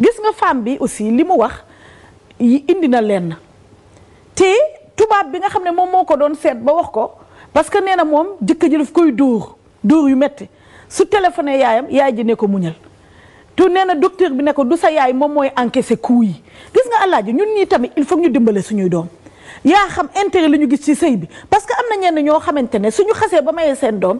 gis nga femme bi aussi li mu wax yi indi na lenn te tubaab bi nga xam ne moom moo ko doon seet ba wax ko parce que nee na moom jëkkër ji daf koy dóor dóor yu metti su téléphoné yaayam yaay ji ne ko muñal tu nee na docteur bi ne ko du sa yaay moom mooy encaissé coups yi gis nga àllaaji ñun ñii tamit il faut ñu dimbale suñuy doom yaa xam intérêt la ñu gis ci sëy bi parce que am na ñenn ñoo xamante ne suñu xasee ba mayee seen doom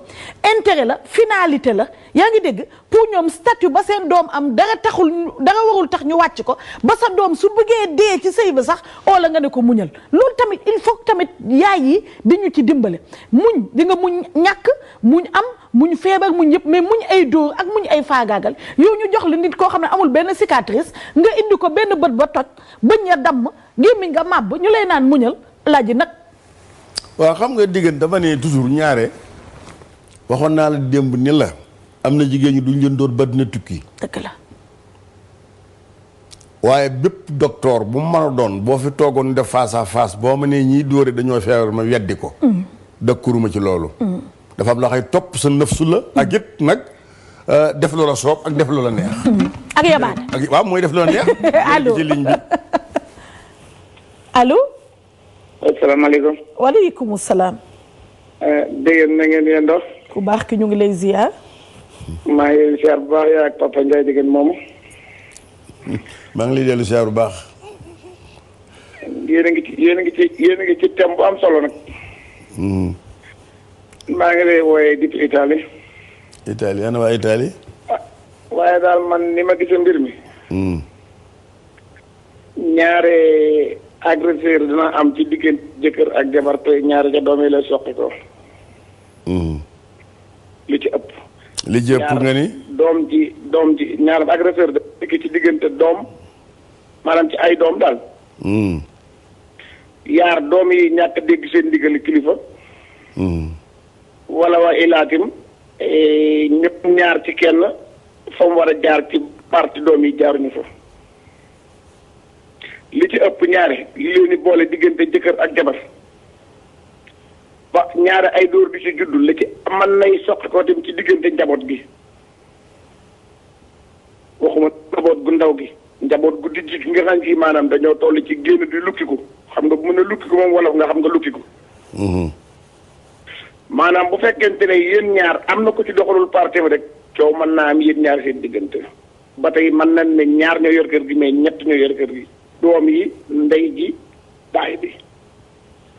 intérêt la finalité la yaa ngi dégg surtout ñoom statut ba seen doom am dara taxul dara warul tax ñu wàcc ko ba sa doom su bëggee dee ci sëy ba sax oola nga ne ko muñal loolu tamit il faut tamit yaay yi di ñu ci dimbale muñ di nga muñ ñàkk muñ am muñ feebar muñ yëpp mais muñ ay dóor ak muñ ay faagaagal yow ñu jox la nit koo xam ne amul benn cicatrice nga indi ko benn bët ba toj bëñ ya damm gémmiñ nga màbb ñu lay naan muñal laaji nag. waaw xam nga diggante dafa ne toujours ñaare waxoon naa la démb ni la. am na jigéen ñi duñ leen door ba dina tukki. waaye bépp docteur bu ma mën doon boo fi toogoon def face à boo ma nee ñiy dóore dañoo feebar ma weddi ko. Mm. dëkkuruma ci loolu. Mm. dafa am loo xam topp sa nëfsu la. ak it nag euh, def loola soob ak def loola neex. Mm. ak yabaat ak mooy def loola neex. allo ci ligne bi. allo. asalaamaaleykum. Euh, na ngeen yéen ku baax ki ñu ngi lay ziar. maa ngi leen siyaar bu baax yaa ak papa Ndiaye diggante moomu. maa ngi lay dellu siyaar bu baax. yéen ngi ci yéen a ngi ci yéen ngi ci thème bu am solo nag. Hmm. maa ngi lay wooyee depuis itali Italie ana waa Italie. Ah, waaye daal man ni ma gisee mbir mi. Hmm. ñaare agresseur dina am ci diggante jëkkër ak jabar te ñaare ca doom yi lay soqi ko. Hmm. li jëpp nga ni doom ji doom ji ñaar agresseur de ki ci diggante doom maanaam ci ay doom daal hmm. yaar doom yi ñàkk dégg seen ndigal kilifa hmm. wala waa ilaatim e, ñëpp ñaar ci kenn fa mu war a jaar ci parti doom yi jaaruñu fa li ci ëpp ñaari li leen di boole diggante jëkkër ak jabar ñaari ay dóor bi ci juddu li ci mën nay soqi ko tamit ci diggante njaboot gi waxuma njaboot gu ndaw gi njaboot gu dijji gi nga xam ci maanaam dañoo toll ci génn di lukkiku xam nga bu mën a lukkiku moom wolof nga xam nga lukkiku mm-hmm. maanaam bu fekkente ne yéen ñaar am na ko ci doxalul parti rek coow mën naa am yéen ñaar seen diggante ba tey mën nañ ne ñaar ñoo yor kër gi mais ñett ñoo yor kër gi doom yi ndey gi baay bi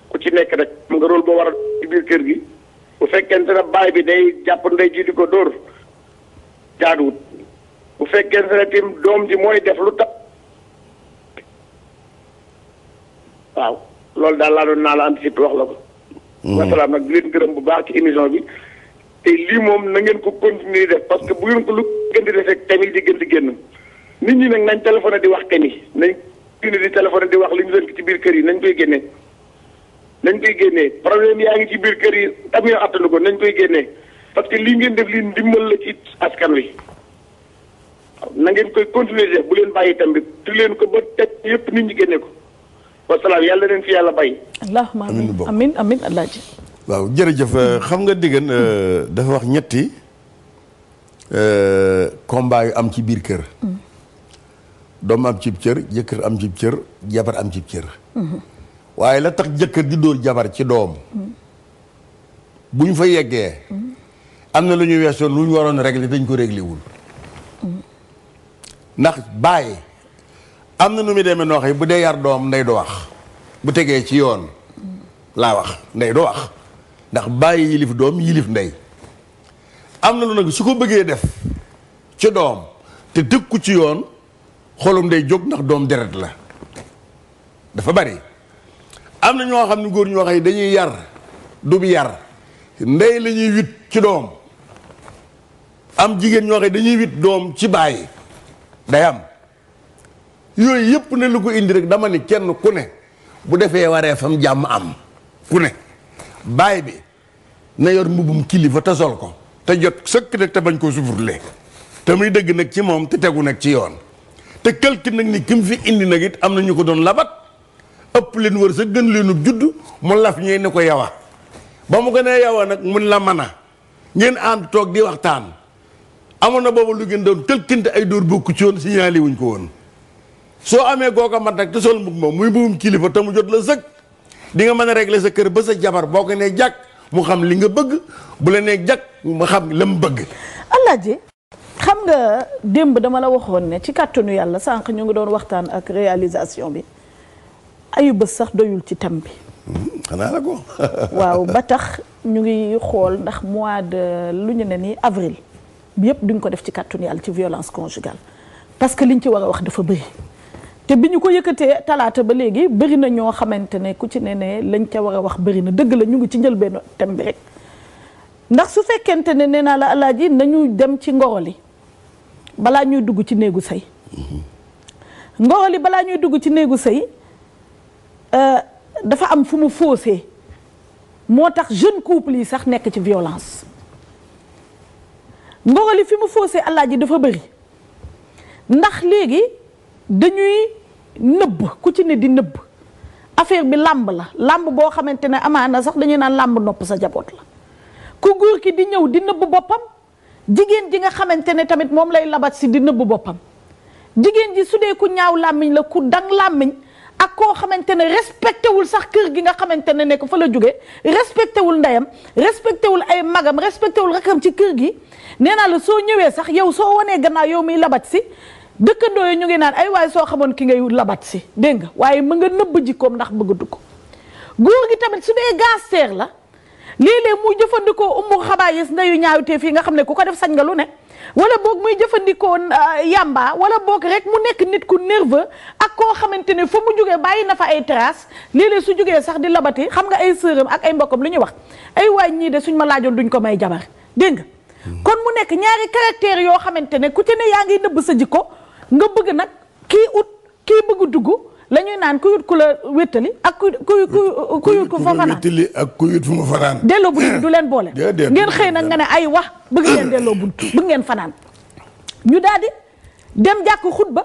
ku ci nekk rek xam nga rôle boo war a ci biir kër gi bu fekkee ne baay bi day jàpp ndey ji di ko dóor jaaduwut bu fekkee ne tim doom ji mooy def lu tax waaw loolu daal laa doon naa la anticiper wax la ko. Mhm. wasalaam nag leen gërëm bu baax ci émission bi. te lii moom na ngeen ko continuer def parce que bu ngeen ko lu gën di defee tamit di gën di génn nit ñi nag nañ téléphoné di wax te ni nañ di téléphoné di wax li ñu doon ci biir kër yi nañ koy génne. nañ koy génnee problème yaa ngi ci biir kër yi tam yoo attanu koy génnee parce que lii ngeen def lii ndimbal la ci askan wi na ngeen koy continuer def bu leen bàyyi tam bi tu leen ko ba teg yëpp nit ñi génne ko wasalaam yàlla leen fi yàlla bàyyi. allahumma amin amin alaaji waaw jërëjëf euh, xam nga diggan euh, dafa wax ñetti euh, combat yu am ci biir kër. Mm. doom am cib cër jëkkër am ci cër jabar am cib cër. Mm-hmm. waaye la tax jëkkër di dóor jabar ci doom bu ñu fa yeggee am na lu ñuy ñu weesoon lu ñu waroon régler dañ ko réglé ndax bàyyi am na nu muy demee noo xam bu dee yar doom nday du wax bu tegee ci yoon laa wax ndey du wax ndax bàyyi yilif doom yilif ndey am na lu nag su ko bëggee def ci doom te dëkku ci yoon xolum day jóg ndax doom deret la dafa bari am na ñoo xam ne góor ñu xam dañuy yar du yar ndey lañuy ñuy wit ci doom am jigéen ñoo xam dañuy wit doom ci bàyyi day am yooyu yëpp ne lu ko indi rek dama ni kenn ku ne bu defee waree fam jàmm am ku ne baay bi na yor mbubum kilifa te sol ko te jot sëkk nag te bañ koo sufurle te muy dëgg nag ci moom te tegu nag ci yoon te quelque nag ni ki mu fi indi nag it am na ñu ko doon labat ëpp leen wër sa gën leenu judd mu laf ñee ne ko yawa ba mu gënee yawa nag mun la mën a ngeen ànd toog di waxtaan amoon na boobu lu gën doon tëlkinte ay dóor bokku ci woon signalé wuñ ko woon soo amee googa mat nag te sol mbug moom muy mbugum kilifa te mu jot la sëg di nga mën a régler sa kër ba sa jabar boo ko nee jàkk mu xam li nga bëgg bu la nee jàkk mu xam la mu bëgg alaaji xam nga démb dama la waxoon ne ci kàttanu yàlla sànq ñu ngi doon waxtaan ak réalisation bi ayu bés sax doyul ci tam bi. xanaa la ko. waaw ba tax ñu ngi xool ndax mois de lu ñu ne nii avril bi yëpp duñ ko def ci kàttanu yàlla ci violence conjugale parce que liñ ci war a wax dafa bëri. te bi ñu ko yëkkatee talaata ba léegi bëri na ñoo xamante ne ku ci ne ne lañ ca war a wax bëri na dëgg la ñu ngi ci njëlbéenu thème bi rek ndax su fekkente ne nee naa la alaaji nañu dem ci ngoroli balaa ñuy dugg ci néegu sëy mhm. ngoroli balaa ñuy dugg ci néegu sëy Euh, dafa am fu mu faussé moo tax jeune couple yi sax nekk ci violence mbogali fi mu faussé allah ji dafa bëri ndax léegi dañuy nëbb ku ci ne di nëbb affaire bi làmb la làmb boo xamante ne amaana sax dañuy naan làmb nopp sa jaboot la ku góor ki di ñëw di nëbb boppam jigéen ji nga xamante ne tamit moom lay labat si di nëbb boppam jigéen ji su dee ku ñaaw làmmiñ la ku dang làmmiñ ak koo xamante ne respecté wul sax kër gi nga xamante ne nekk fa la jóge respecté wul ndeyam respecté wul ay magam respecté wul rakam ci kër gi nee la soo ñëwee sax yow soo wanee gannaaw yow muy labat si dëkkandoo yi ñu ngi naan ay waaye soo xamoon ki ngay labat si dégg waaye mu nga nëbb jikkoom ndax bëggatu ko góor gi tamit su dee gasteer la léeg-léeg mu jëfandikoo umbu xabaayis ndeyu ñaawtee fii nga xam ne ku ko def sañ nga lu ne wala boog muy jëfandikoo euh, yàmba wala boog rek mu nekk nit ku nerveux ak koo xamante ne foo mu jugee bàyyi na fa ay traces léeg-léeg su jugee sax di labati xam nga ay sëram ak ay mbokkam lu ñuy wax ay waay ñii de suñ ma laajoon duñ ko may jabar dégg nga hmm. kon mu nekk ñaari caractère yoo xamante ne ku ci ne yaa ngi nëbb sa jikko nga bëgg nag kii ut kii bëgg dugg la ñuy naan ku yut ku la wéttali ak ku ku ku ku fanaan wéttali ak ku yut fu ma fanaan du leen boole ngeen xëy nag nga ne ay wax bëgg ngeen delloo bunt bëgg ngeen fanaan ñu daal di dem jàkk xutba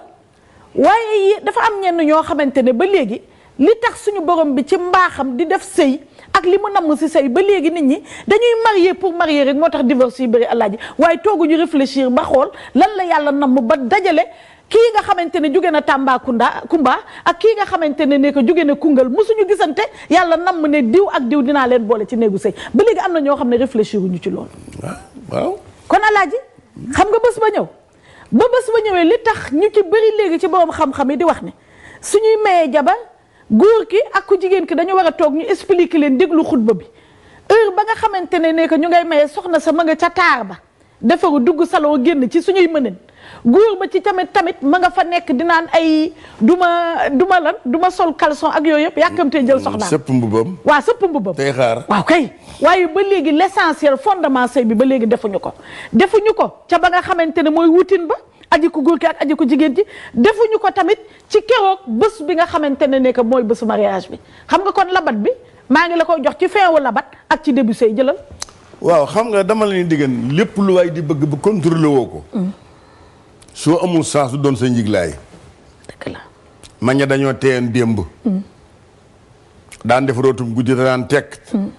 waaye dafa am ñenn ñoo xamante ne ba léegi li tax suñu borom bi ci mbaaxam di def sëy ak li mu namm si sëy ba léegi nit ñi dañuy marier pour marier rek moo tax divorce yi bëri alaaji waaye tooguñu réfléchir ba xool lan la yàlla namm ba dajale kii nga xamante ne jóge na Tambacounda Kumba ak kii nga xamante ne ne ko jóge na Koungheul mosuñu gisante yàlla namm ne diw ak diw dinaa leen boole ci néegu sëy ba léegi am na ñoo xam ne réfléchir wuñu ci loolu. waaw waaw. kon alaaji xam nga bés ba ñëw ba bés ba ñëwee li tax ñu ci bëri léegi ci borom xam-xam yi di wax ne suñuy mayee jabar góor ki ak ku jigéen ki dañu war a toog ñu expliquer leen déglu xutba bi heure ba nga xamante ne nekk ñu ngay mayee soxna sa ma nga ca taar ba. defaru dugg saloo génn ci suñuy mëneen góor ba ci tamit tamit ma nga fa nekk di naan ay duma duma lan duma sol caleçon ak yooyu yëpp yàkkamtee jël soxnaa sëpp mbubam waa sëpp mbubam tey xaar waaw kay waaye ba léegi l'essentiel fondement sëy bi ba léegi defuñu ko defuñu ko ca ba nga xamante ne mooy wutin ba aji ko góor ki ak aji ko jigéen ji defuñu ko tamit ci keroog bés bi nga xamante ne nekk mooy bésu mariage bi xam nga kon labat bi maa ngi la koy jox ci fin wu ak ci début sëy jëlal waaw xam nga dama la ñuy diggan lépp lu waay di bëgg bu contrôlé woo ko. Mm. soo amul saa su doon sa njiglaay. ma ña dañoo teyoon démb. Mm. daan def rootum guddi daan tekk. Mm.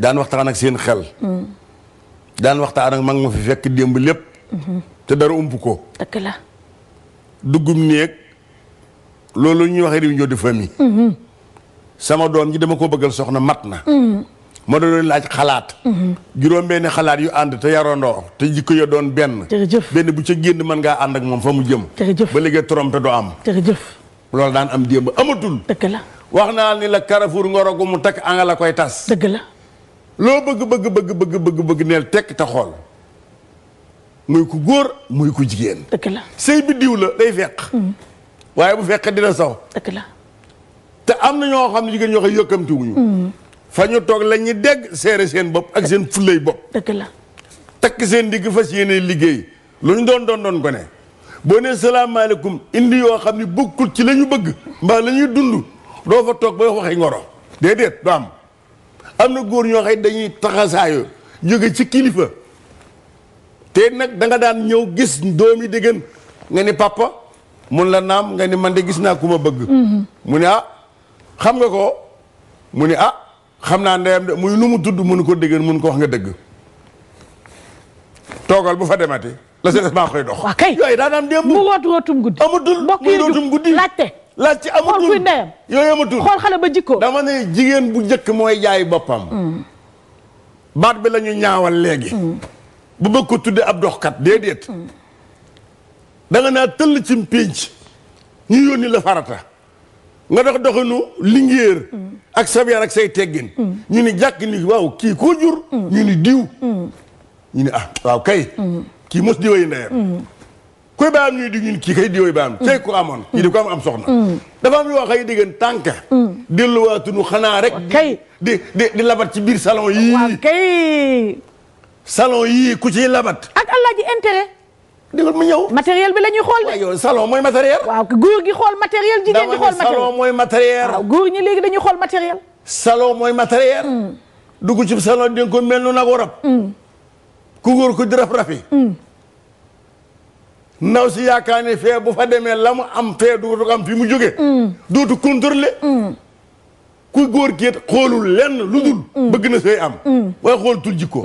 daan waxtaan ak seen xel. daan waxtaan ak mag ma fi fekk démb lépp. Mm-hmm. te dara ump ko. dëgg la. duggum néeg loolu ñuy wax réunion de famille. Mm-hmm. sama doom ji dama ko bëggal soxna mat na. ma doon laaj xalaat. juróom-benni xalaat yu ànd te yarandoo te jikko ya doon benn. jërëjëf benn bu ca génn mën ngaa ànd ak moom fa mu jëm. ba léegi te do am. jërëjëf loolu daan am démb amatul. dëgg la wax naa ni la Carrefour ngoro gu mu takk anga la koy tas. dëgg loo bëgg bëgg bëgg bëgg bëgg bëgg neel tekk te xool muy ku góor muy ku jigéen. dëgg la sëy diw la day fekk. Hmm. waaye bu fekk dina saw. dëgg am na ñoo xam ne jigéen ñoo xam yëkkamtiwuñu hmm. fa ñu toog la ñuy dégg seere seen bopp ak seen fullay bopp. dëgg la. takk seen digg fas yéene liggéey lu ñu doon doon doon kone boo ne salaamaaleykum indi yoo xam ne bokkul ci lañu bëgg mbaa lañuy dund doo fa toog bay waxee ngoro déedéet doo am am na góor ñoo xëy dañuy taxasaayo jóge ci kilifa te nag danga daan ñëw gis yi déggan nga ni papa mun la naam nga ni man de gis naa ku ma bëgg mm-hmm. mu ne ah xam nga ko mu ni ah xam naa ndeyam de muy nu mu tudd mënu ko dégg mun ko wax nga dëgg toogal bu fa demati la sa des maa koy dox. waaw kay yooyu daan am démb. mu wootu wootum guddi. laajte. laajte amatul xool kuy xool xale ba jikkoo. dama ne jigéen bu njëkk mooy jaay boppam. Mm. baat bi la ñaawal léegi. Mm. bu bëgg ko tuddee ab doxkat déedéet. Mm. da nga naa tëll ci mpénc ñu yónni la farata. nga dox doxinu lingéer ak sa yar ak say teggin ñu ni jàkk ni waaw kii koo jur ñu ni diw ñu ni ah waaw kay kii mos diwayu ndeyam koy baam ñuy dig ñun kii kay diwooyu baam mm. tey ko amoon kii di ko am am soxna mm. dafa am yoo xay tànk mm. delluwaatunu xanaa rek kay di di labat ci biir salon yii kay salon ku ciy labat ak allah ji intérêt digal mu ñëw. matériel bi la ñuy xool de. yow salon mooy matériel. waaw góor gi xool matériel. jigéen di xool matériel salon mooy matériel. waaw góor ñi léegi dañuy xool matériel. salon mooy matériel. Mm. dugg ci salon di nga ko mel nu nagu rab. Mm. ku góor ko di raf rafi. Mm. ndaw si yaakaar ne fee bu fa demee la mu am fee dootu am fi mu jógee. dootu contrôler. ku góor ki xoolu lenn lu dul. bëgg na sooy am. waaye xool tul jikko.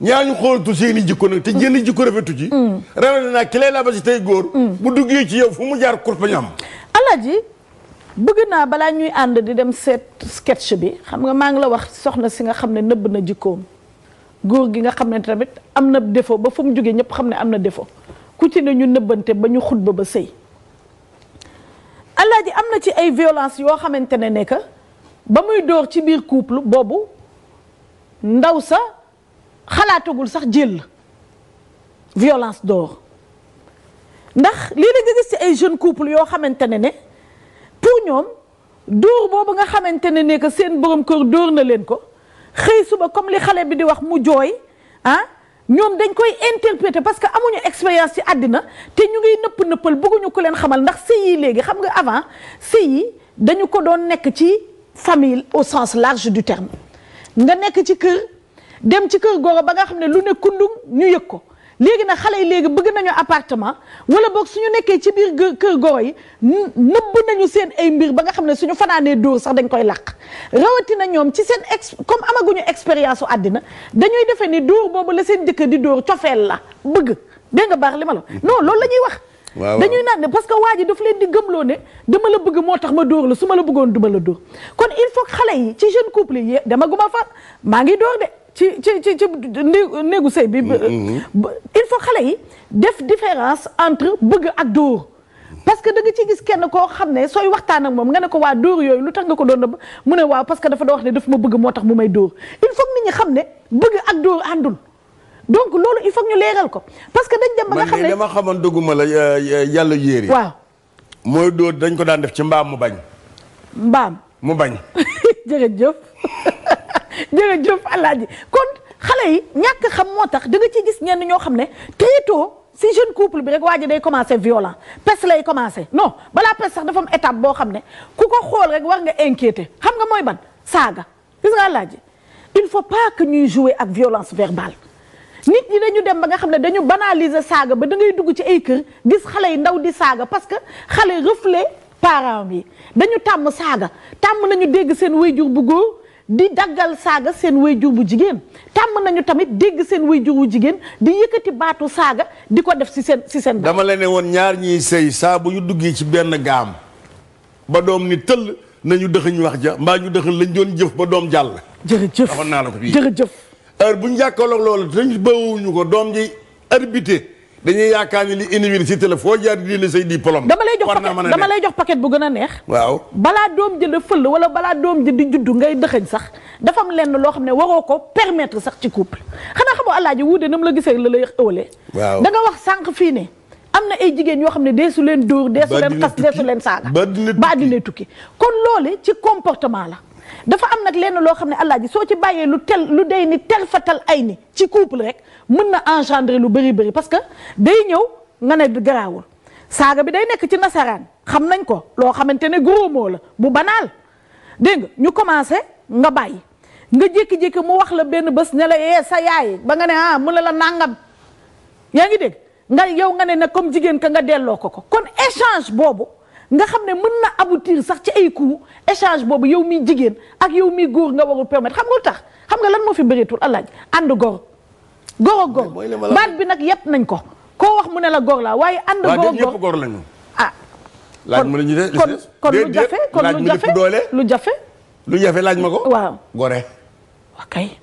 ñaar ñu xoolatu seen i jikko nag te jënd jikko rafetu ci. rawatina nag ki lay la ba si tey góor. Mm. bu duggee ci yow fu mu jaar kurpañ am. alaaji bëgg naa balaa ñuy ànd di dem seet sketch bi xam nga maa ngi la wax soxna si nga xam ne nëbb na jikkoom góor gi nga xam ne tamit am na defoo ba fu mu jógee ñëpp xam ne am na défaut ku ci ne ñu nëbbante ba ñu xutba ba sëy alaaji am na ci ay violence yoo xamante ne ne que ba muy dóor ci biir couple boobu ndaw sa. xalaatagul sax jël violence d'or ndax lii da nga gis ci ay jeunes couple yoo xamante ne ne pour ñoom dóor boobu nga xamante ne ne seen borom kër dóor na leen ko xëy suba comme li xale bi di wax mu jooy ah ñoom dañ koy interpréter parce que amuñu expérience ci àddina te ñu ngi nëpp nëppal bëgguñu ko leen xamal ndax sëy yi léegi xam nga avant sëy yi dañu ko doon nekk ci famille au sens large du terme nga nekk ci kër. dem ci kër googu ba nga xam ne lu ne kundung ñu yëg ko léegi nag xale yi léegi bëgg nañu appartement wala boog suñu nekkee ci biir kër goro yi nëbb nañu seen ay mbir ba nga xam ne suñu fanaanee dóor sax dañ koy làq rawatina ñoom ci seen ex comme amaguñu expérience u àddina dañuy defee ni dóor boobu la seen jëkkër di dóor cofeel la bëgg dégg nga baax li ma la non loolu la ñuy wax dañuy naan ne parce que waa ji daf leen di gëmloo ne dama la bëgg moo tax ma dóor la su ma la bëggoon duma la dóor kon il faut xale yi ci jeune couple yi dama guma fa maa ngi dóor ci ci ci ci néegu sëy bi. Mm-hmm. il faut xale yi def différence entre bëgg ak dóor. parce que da nga ci gis kenn koo xam ne sooy waxtaan ak moom nga ne ko waa dóor yooyu lu tax nga ko doon nëbb mu ne waaw parce que dafa doon wax ne daf ma bëgg moo tax mu may dóor il faut nit ñi xam ne bëgg ak dóor àndul donc loolu il faut ñu leeral ko parce que dañ dem ba nga xam ne dëgguma la euh, euh, yàlla yéeri waaw mooy dóor dañ ko daan def ci mbaam mu bañ mbaam mu bañ jërëjëf jëf jërëjëf Alaaji kon xale yi ñàkk xam moo tax da nga gis ñenn ñoo xam ne très tôt si jeune couple bi rek waa ji day commencé violent pes lay commencé non balaa pes sax dafa am étape boo xam ne ku ko xool rek war nga inquiété xam nga mooy ban saaga gis nga Alaaji il faut pas que ñuy jouer ak violence verbale nit ñi dañu dem ba nga xam ne dañu banaliser saaga ba da ngay dugg ci ay kër gis xale yi ndaw di saaga parce que xale reflet parent yi dañu tàmm saaga tàmm nañu dégg seen wayjur bu góor di daggal saaga seen waajur bu jigéen tàmm nañu tamit dégg seen waajur bu jigéen di yëkkati baatu saaga di ko def si seen si seen. dama leen ne woon ñaar ñiy sëy saa bu ñu duggee ci benn gaam ba doom ni tëll nañu dëxëñ wax ja mbaa ñu dëxëñ lañ doon jëf ba doom jàll. jërëjëf waxoon naa la ko fii jërëjëf. heure bu ñu jàkkaarloog loolu dañu bëwuñu ko doom ji arbité. dañuy yaakaar ni li université la foo jaar di la say diplôme. dama lay jox paquet dama lay jox paquet bu gën a neex. waaw balaa doom jënd fël wala balaa doom jënd di juddu ngay dëxëñ sax dafa am lenn loo xam ne waroo ko permettre sax ci couple xanaa xamoo alaaji wuute na mu la gisee la lay ëwale. waaw nga wax sànq fii ne. am na ay jigéen yoo xam ne deesu leen dóor deesu leen xas deesu leen saaga ba dina tukki kon loole ci comportement la dafa am nag lenn loo xam ne allah ji soo ci bàyyee lu tel lu day ni tel fatal ay ni ci couple rek mën na engendrer lu bëri bari parce que day ñëw nga ne garaawul saaga bi day nekk ci nasaraan xam nañ ko loo xamante ne gros mot la bu banaal dégg ñu commencé nga bàyyi nga jékki-jékki mu wax la benn bés ne la eh sa yaay ba nga ne ah mu la la nàngam yaa ngi dégg nga yow nga ne ne comme jigéen ka nga delloo ko ko kon échange boobu. nga xam ne mën na aboutir sax ci ay ku échange boobu yow mi jigéen ak yow miy góor nga warul permettre xam nga lu tax xam nga lan moo fi bëreetul alaaj ànd gor gor ak gor baat bi nag yépp nañ ko koo wax mu ne la gor laa waaye ànd gor ñëpp gor lañu ah laaj ma la ñu de kon kon lu jafe kon lu jafe lu jafe lu jafe laaj ma ko waaw gore